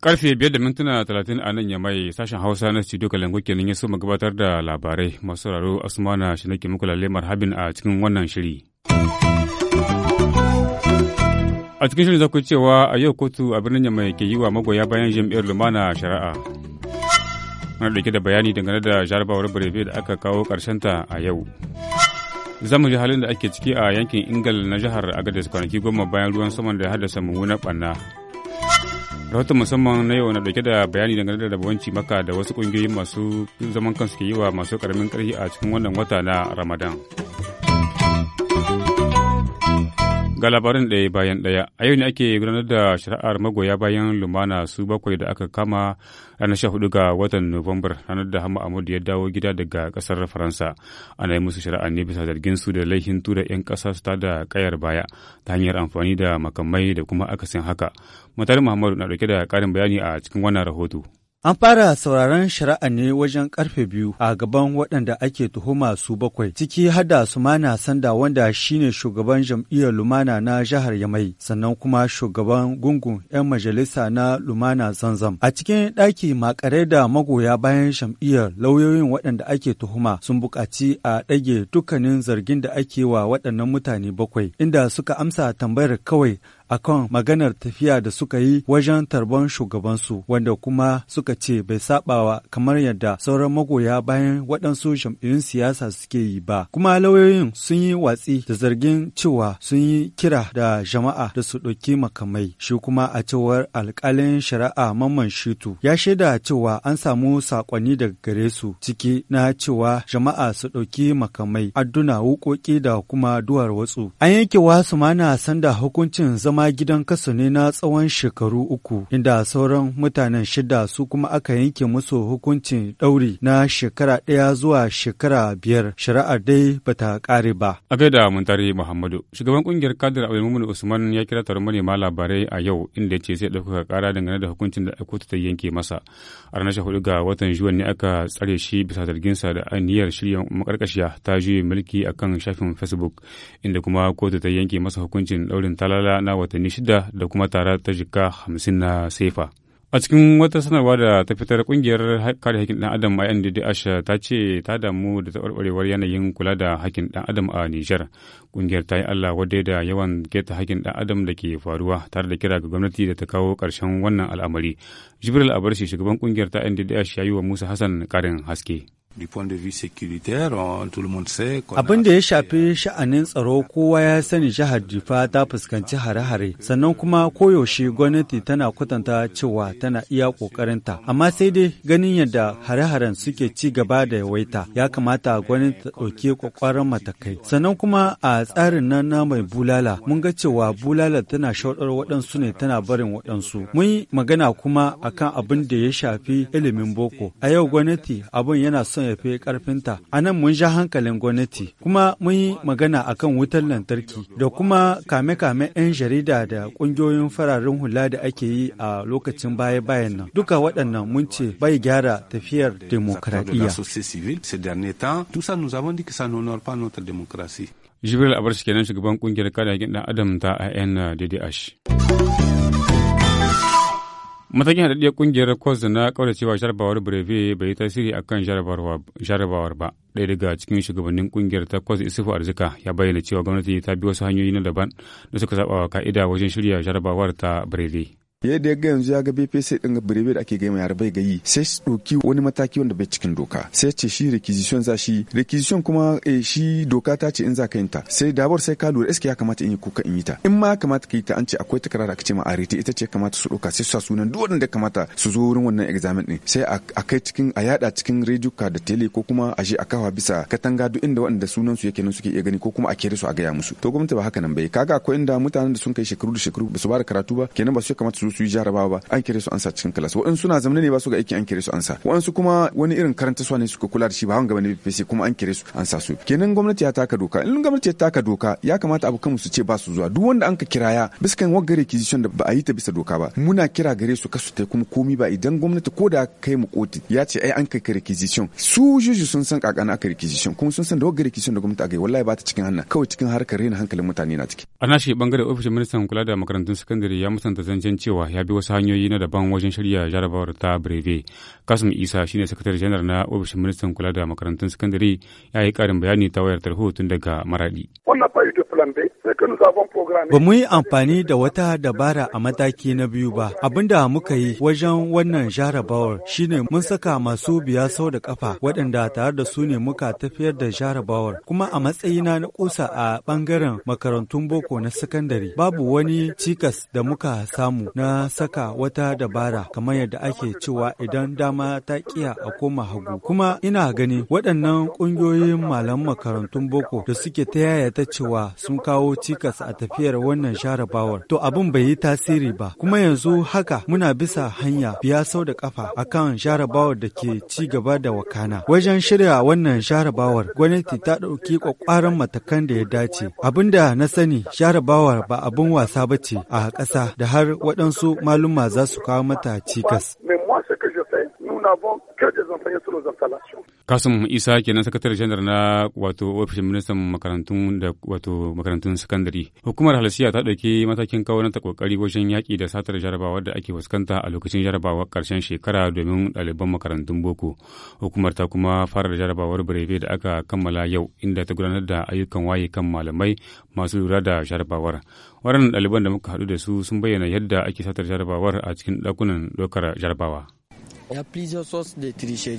Karfe biyar da mintuna talatin a nan ya mai sashen Hausa na studio Kalangu kenan ya so mu gabatar da labarai masu raro Asmana shi nake muku lalle marhabin a cikin wannan shiri. A cikin shirin za ku cewa a yau kotu a birnin Yamai ke yi wa magoya bayan jam'iyyar Lumana shari'a. muna dauke da bayani dangane da jarabawar birebe da aka kawo karshen ta a yau za mu ji halin da ake ciki a yankin ingal na jihar agadez kwanaki goma bayan ruwan saman da ya haddasa mummunar ɓanna rahoton musamman na yau na dauke da bayani dangane da rabuwanci maka da wasu kungiyoyi masu zaman kansu ke yi wa masu karamin karfi a cikin wannan wata na ramadan Ga labarin ɗaya bayan ɗaya, a yau ne ake gudanar da shari'ar magoya bayan lumana su bakwai da aka kama ranar sha hudu ga watan Nuwambar ranar da Hama Amadu ya dawo gida daga ƙasar Faransa. Ana yi musu shari'a ne bisa zargin su da laifin tura 'yan ƙasa su da ƙayar baya ta hanyar amfani da makamai da kuma akasin haka. mutane Muhammadu na ɗauke da ƙarin bayani a cikin wannan rahoto. An fara sauraron shari'a ne wajen karfe biyu a gaban waɗanda ake tuhuma su bakwai, ciki hada mana Sanda wanda shine shugaban jam'iyyar Lumana na jihar Yamai, sannan kuma shugaban gungun 'yan majalisa na Lumana Zanzam. A cikin ɗaki makare da magoya bayan jam'iyyar lauyoyin waɗanda ake tuhuma sun buƙaci a ɗage dukkanin zargin da ake wa waɗannan mutane bakwai, inda suka amsa tambayar kawai akan maganar tafiya da suka yi wajen tarban shugabansu wanda kuma suka ce bai sabawa kamar yadda sauran magoya bayan waɗansu jam'iyyun siyasa suke yi ba kuma lauyoyin sun yi watsi da zargin cewa sun yi kira da jama'a da su ɗauki makamai shi kuma a cewar alƙalin shari'a mamman shitu ya shaida cewa an samu saƙonni daga gare su ciki na cewa jama'a su ɗauki makamai adduna wuƙoƙi da kuma duwar watsu an yanke wa mana sanda hukuncin zama zama gidan kasa ne na tsawon shekaru uku, inda sauran mutanen shida su kuma aka yanke musu hukuncin ɗauri na shekara ɗaya zuwa shekara biyar. Shari'ar dai bata ƙare ba. A gaida Muntari Muhammadu, shugaban ƙungiyar kadar Abdulmumin Usman ya kira taron manema labarai a yau inda ya ce zai ɗaukaka kara dangane da hukuncin da kotu ta yanke masa. A ranar hudu ga watan Juwan ne aka tsare shi bisa zarginsa da aniyar shirya makarkashiya ta juye mulki akan shafin Facebook inda kuma kotu ta yanke masa hukuncin ɗaurin talala na watanni shida da kuma tara ta jika hamsin na sefa. A cikin wata sanarwa da ta fitar kungiyar kare hakkin ɗan adam a ta ce ta damu da taɓarɓarewar yanayin kula da hakkin ɗan adam a Nijar. Kungiyar ta yi Allah wadai da yawan keta hakkin ɗan adam da ke faruwa tare da kira ga gwamnati da ta kawo ƙarshen wannan al'amari. Jibril Abarshi shugaban kungiyar ta NDDH ya yi wa Musa Hassan ƙarin haske. Abin da ya shafi euh, sha'anin tsaro kowa ya sani jihar Difa ta fuskanci hare-hare, sannan kuma koyaushe gwamnati tana kwatanta cewa tana iya ƙoƙarinta. Amma sai dai ganin yadda hare-haren suke ci gaba da yawaita, ya kamata gwamnati ta ɗauki ƙwaƙwaran matakai. Sannan kuma a tsarin nan na mai bulala, mun ga cewa bulala tana shaudar waɗansu ne tana barin waɗansu. Mun yi magana kuma akan abin da ya shafi ilimin boko. A yau gwamnati abin yana son ya karfinta a nan mun sha hankalin gwamnati kuma mun yi magana a kan wutar lantarki da kuma kame-kame 'yan jarida da kungiyoyin fararen hula da ake yi a lokacin baya-bayan nan duka waɗannan mun ce bai gyara tafiyar demokradiyya jibril abarshi kenan shugaban kungiyar kare haƙƙin ɗan adam ta indh matakin haɗaɗɗiyar ƙungiyar kwas na cewa jarabawar breve bai yi tasiri a kan jarabawar ba ɗaya daga cikin shugabannin ƙungiyar ta kwas isufu arzika ya bayyana cewa gwamnati ta bi wasu hanyoyi na daban da suka saba wa ka'ida wajen shirya jarabawar ta breve yadda ya ga yanzu ya ga bpc din birebe da ake gaima yara bai gayi sai su ɗauki wani mataki wanda bai cikin doka sai ce shi requisition za shi requisition kuma eh, shi doka ta ce in za ka yin ta sai dabar sai ka lura iske ya kamata in yi kuka in yi ta in ma ya kamata ka yi ta an ce akwai takarar ka ce ma arete ita ce kamata su ɗauka sai su sa sunan duk wanda kamata su zo wurin wannan examen din sai a kai cikin a yada cikin k'a da tele ko kuma a je a kawa bisa katanga duk inda waɗanda sunan su yake nan suke iya gani ko kuma a kere su a gaya musu to gwamnati ba haka nan bai kaga akwai inda mutanen da sun kai shekaru da shekaru ba su ba da karatu ba kenan ba su kamata su su su yi jarabawa ba an kire su ansa cikin kalas wa'ansu suna zamne ne ba su ga aiki an kire su ansa su kuma wani irin karanta su ne suka kula da shi ba wanga bane fesi kuma an kire su ansa su kenan gwamnati ya taka doka in gwamnati ya taka doka ya kamata abokan su ce ba su zuwa duk wanda anka kiraya biskan wagga requisition da ba a yi ta bisa doka ba muna kira gare su kasu ta kuma komi ba idan gwamnati ko da kai mu koti ya ce ai an kai requisition su juju sun san kakana aka requisition kuma sun san da wagga requisition da gwamnati aka yi wallahi ba ta cikin hannu kawai cikin harkar rena hankalin mutane na ciki ana shi bangare ofishin ministan kula da makarantun sakandare ya musanta zancen cewa cewa ya bi wasu hanyoyi na daban wajen shirya jarabawar ta breve kasim isa shine sakatare janar na ofishin ministan kula da makarantun sakandare ya yi karin bayani ta wayar tarho tun daga maradi wannan Ba mu yi amfani da wata dabara a mataki na biyu ba. Abinda muka yi wajen wannan jarabawar shine mun saka masu biya sau da kafa waɗanda tare da su ne muka tafiyar da jarabawar kuma a matsayina na kusa a bangaren makarantun boko na sakandare babu wani cikas da muka samu na saka wata dabara kamar yadda ake cewa idan dama ta kiya a koma hagu kuma ina gani waɗannan ƙungiyoyin malam makarantun boko da suke ta yaya ta cewa sun kawo cikas a tafiyar wannan sharabawar, To abin bai yi tasiri ba. Kuma yanzu haka muna bisa hanya biya sau da kafa akan sharabawar da ke ci gaba da wakana. Wajen shirya wannan sharabawar, gwamnati ta ɗauki kwakwaran matakan da ya dace. Abin na sani sharabawar ba abin wasa ba ce a ƙasa da har waɗansu maluma za su kawo mata cikas. kasim isa kenan sakatare janar na wato ofishin ministan makarantun da wato makarantun sakandare hukumar halsiya ta ɗauki matakin kawo ta kokari wajen yaki da satar jarabawa da ake fuskanta a lokacin jarabawar karshen shekara domin ɗaliban makarantun boko hukumar ta kuma fara jarabawar birebe da aka kammala yau inda ta gudanar da ayyukan waye kan malamai masu lura da jarabawar waɗannan ɗaliban da muka haɗu da su sun bayyana yadda ake satar jarabawar a cikin ɗakunan ɗaukar jarabawa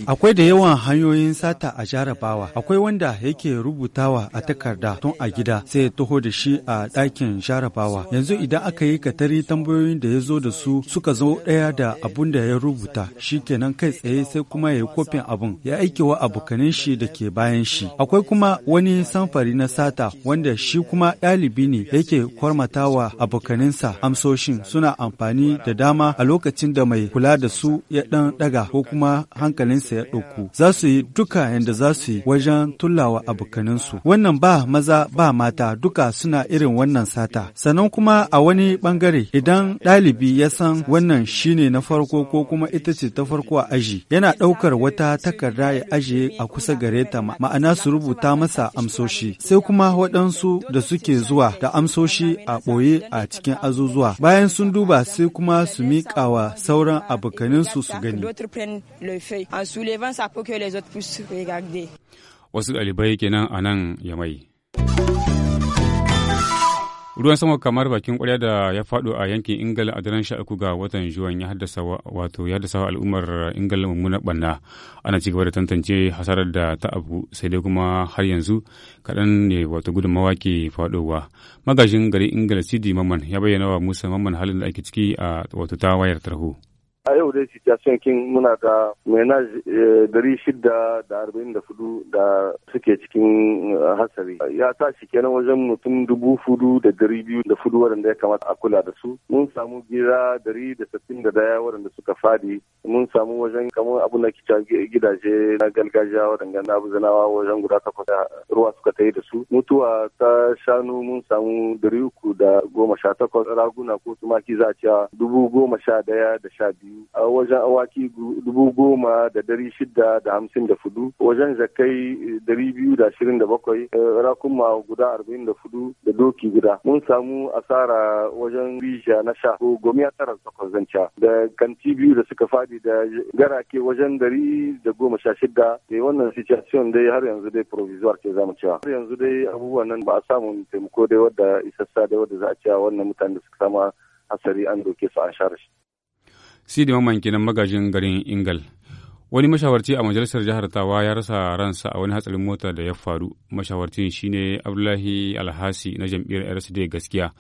Akwai da yawan hanyoyin sata a jarabawa. Akwai wanda yake rubutawa a takarda tun a gida sai ya taho da shi a ɗakin jarabawa. Yanzu idan aka yi katari tambayoyin da ya zo da su suka zo ɗaya da abun da ya rubuta shi kenan kai tsaye sai kuma ya yi kofin abun ya aiki wa abokanin shi da ke bayan shi. Akwai kuma wani samfari na sata wanda shi kuma ɗalibi ne yake kwarmatawa abokaninsa amsoshin suna amfani da dama a lokacin da mai kula da su ya ɗan ɗaga ko kuma hankalinsa ya ɗauku za su yi duka yadda za su yi wajen tullawa abokaninsu wannan ba maza ba mata duka suna irin wannan sata sannan kuma a wani bangare idan ɗalibi ya san wannan shine na farko ko kuma ita ce ta farko a aji yana ɗaukar wata takarda ya ajiye a kusa gare ta ma'ana su rubuta masa amsoshi sai kuma waɗansu da suke zuwa da amsoshi a ɓoye a cikin azuzuwa bayan sun duba sai kuma su miƙa wa sauran abokaninsu su gani d'autres prennent le feuille. En soulevant sa peau que les autres puissent regarder. Wasu ɗalibai kenan a nan Yamai. Ruwan sama kamar bakin ƙwarya da ya faɗo a yankin Ingal a daren uku ga watan Juwan ya haddasa wato ya haddasa al'ummar Ingal mummuna banna Ana cigaba da tantance hasarar da ta abu sai dai kuma har yanzu kaɗan ne wato gudunmawa ke faɗowa. Magajin gari Ingal Sidi Maman ya bayyana wa Musa Maman halin da ake ciki a wato ta wayar tarho. a yau dai situation kin muna da menaj eh, dari shida da arba'in da fudu da suke cikin eh, hatsari ya tashi kenan wajen mutum dubu fudu da dari biyu da fudu waɗanda ya kamata a kula da su mun samu gira dari da sittin da daya waɗanda suka fadi mun samu wajen kamar abu na kica gidaje na gargajiya waɗanda na abu zanawa wajen guda takwas ruwa suka ta yi da su mutuwa ta shanu mun samu dari uku da goma sha takwas raguna ko tumaki za a cewa dubu goma sha daya da sha biyu wajen awaki dubu goma da dari shida da hamsin da fudu wajen zakai eh, dari biyu da ashirin da bakwai eh, rakuma guda arba'in da fudu da doki guda mun samu asara wajen rija na sha ko gomi gomiya tara takwas zanca da kanti biyu da suka fadi da gara ke wajen dari da goma sha shida da eh, wannan situation dai har yanzu dai provisoire ce zamu cewa har yanzu dai abubuwan nan ba a samu taimako dai wadda isassa dai wadda za a cewa wannan mutane da suka sama hasari an doke su an share shi Sidi Mamman nan magajin garin Ingal. Wani mashawarci a majalisar jihar Tawa ya rasa ransa a wani hatsarin mota da ya faru. Mashawarcin shine Abdullahi Alhasi na jam'iyyar RSD gaskiya.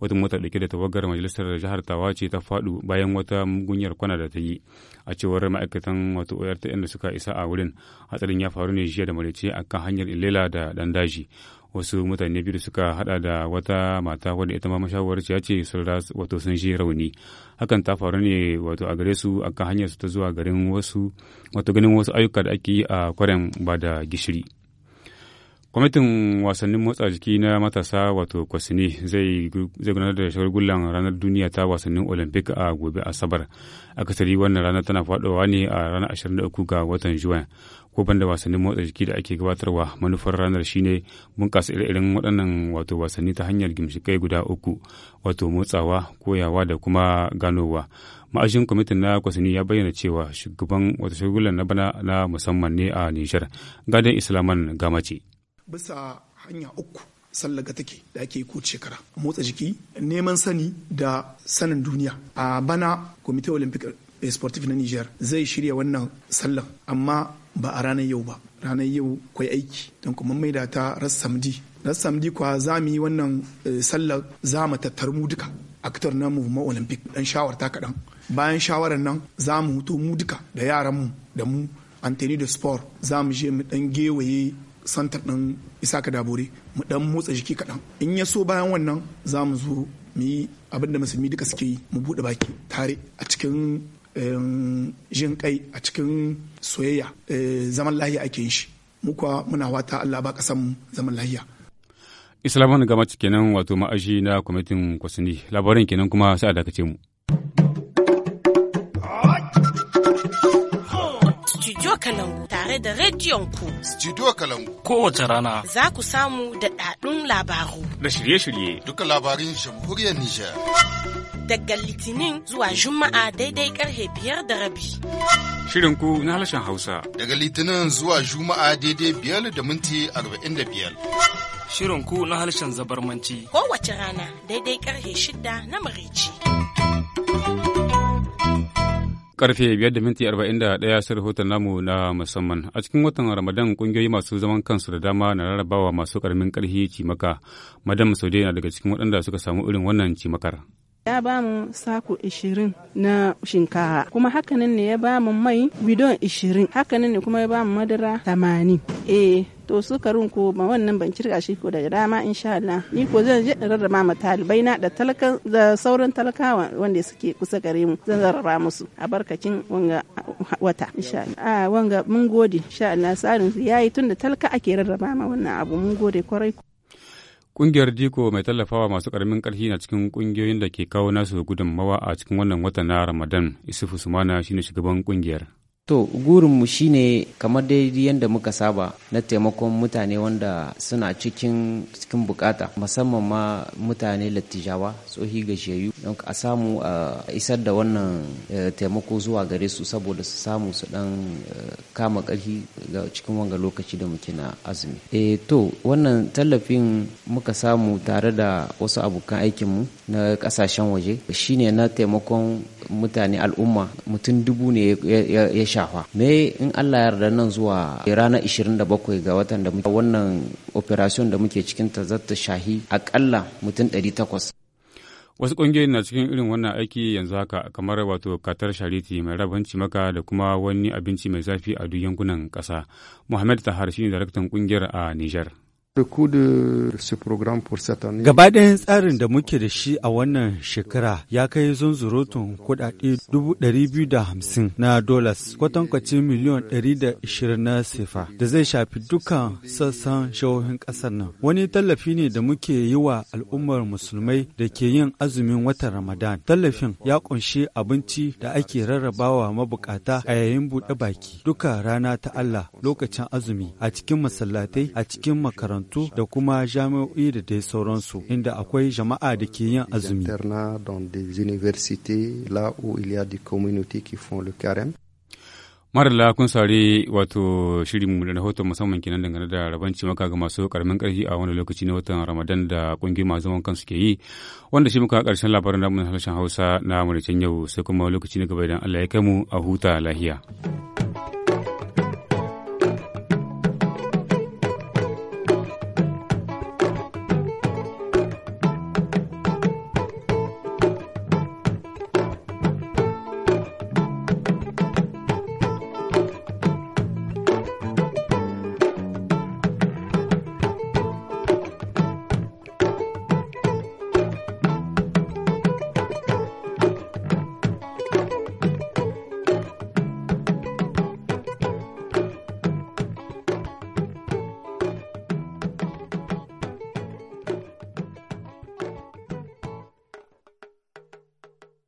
Wata mota dauke da tawagar majalisar jihar Tawa ce ta faɗu bayan wata mugunyar kwana da ta yi. A cewar ma'aikatan wato ORTN da suka isa a wurin, hatsarin ya faru ne jiya da maraice akan hanyar Ilela da daji. wasu mutane biyu suka hada da wata mata wadda ita ma mashawarciya ce sun wato sun shi rauni hakan ta faru ne wato a gare su akan hanyar su ta zuwa garin wasu wato ganin wasu ayyuka da ake yi a kwaren bada gishiri kwamitin wasannin motsa jiki na matasa wato kwasini zai gudanar da shagulgulan ranar duniya ta wasannin olympic a gobe asabar akasari wannan rana tana faɗowa ne a ranar 23 ga watan juwan ko banda wasannin motsa jiki da ake gabatarwa manufar ranar shine bunƙasa ire-iren waɗannan wato wasanni ta hanyar gimshikai guda uku wato motsawa koyawa da kuma ganowa ma'ajin kwamitin na kwasini ya bayyana cewa shugaban wata shagulgulan na bana na musamman ne a nijar gadon islaman gamace. bisa hanya uku sallaga take da ake ko shekara motsa jiki neman sani da sanin duniya a bana kwamitin olympic sportif na niger zai shirya wannan sallan amma ba a ranar yau ba ranar yau kwai aiki don kuma maida ta rassamdi rassamdi kwa za mu yi wannan eh, sallar za mu tattar mu duka aktar na movement olympic dan shawarta kaɗan bayan shawarar nan za mu huto mu duka da yaran mu da mu anteni da sport za mu je mu dan gewaye santar ɗin isaka dabori mu dan motsa jiki kaɗan in ya so bayan wannan za mu zo mu yi abin da musulmi duka suke yi mu buɗe baki tare a cikin jin kai a cikin soyayya eh, zaman lahiya ake yin shi mu kuwa muna wata Allah ba ƙasar zaman lahiya islamun gama kenan wato ma'aji na kwamitin kwasini labarin kenan kuma sai a dakace mu tare da rediyon ku. Studio Kalangu. Kowace rana. Za ku samu da ɗaɗun labaru. Da shirye-shirye. Duka labarin jamhuriyar Nijar. Daga Litinin zuwa Juma'a daidai karfe biyar da rabi. Shirin ku na harshen Hausa. Daga Litinin zuwa Juma'a daidai biyar da minti arba'in da biyar. Shirin ku na harshen zabarmanci. Kowace rana daidai karfe shida na marici. Karfe biyar da minti arba'in da ɗaya sai rahoton namu na musamman. A cikin watan Ramadan ƙungiyoyi masu zaman kansu da dama na rarrabawa masu karamin ƙarfi cimaka. Madam Saude na daga cikin waɗanda suka samu irin wannan cimakar. ya ba mu sako 20 na shinkawa. kuma hakanan ne ya ba mu mai bidon 20 hakanan ne kuma ya ba mu madara 80 to eh, to sukarin ko ma wannan ban kirga shi ko daga dama insha Allah ni ko zan je in rarraba ma talibai na da talaka da sauran talakawa wanda suke kusa gare mu zan rarraba musu a barkacin wanga wata insha Allah a ah, wanga mun gode insha Allah tsarin yayi tunda talaka ake rarraba ma wannan abu mun gode kwarai Ƙungiyar Diko mai tallafawa masu ƙaramin ƙarfi na cikin ƙungiyoyin da ke kawo nasu gudunmawa a cikin wannan watan na Ramadan, Isufu Sumana shine shugaban ƙungiyar. To gurinmu ne kamar dai yadda muka saba na taimakon mutane wanda suna cikin cikin bukata musamman ma mutane lattijawa tsohi gajiyayyu don a samu a isar da wannan e, taimako zuwa gare su saboda su samu su dan e, kama karfi ga cikin wanga lokaci da muke na azumi. E to wannan tallafin muka samu tare da wasu abokan aikinmu na kasashen waje shi ne na taimakon mutane al'umma mutum dubu ne ya shafa me in Allah yarda nan zuwa ranar 27 ga watan da muke wannan operation da muke cikin ta zata shahi akalla mutum 800 wasu ƙungiyoyin na cikin irin wannan aiki yanzu haka kamar wato katar shariti mai rabanci maka da kuma wani abinci mai zafi a duk yankunan ƙasa muhammad tahar shine daraktan ƙungiyar a niger. gaba ɗayan tsarin da muke da shi a wannan shekara ya kai zunzurutun kuɗaɗe 250,000 na dolas kwatankwacin miliyon 120 na sefa da zai shafi dukkan sassan shahohin ƙasar nan. Wani tallafi ne da muke yi wa al'ummar musulmai da ke yin azumin watan Ramadan. Tallafin ya ƙunshi abinci da ake rarrabawa mabukata a yayin buɗe baki duka rana ta Allah lokacin azumi a cikin masallatai a cikin makarantu. makarantu da kuma jami'o'i da dai sauransu inda akwai jama'a da ke yin azumi. marala kun sare wato shirin mu da rahoton musamman kenan dangane da rabanci maka ga masu karamin karfi a wani lokaci na watan ramadan da kungiyar masu zaman kansu ke yi wanda shi muka karshen labarin namun harshen hausa na maraicen yau sai kuma lokaci na gaba idan allah ya kai mu a huta lahiya.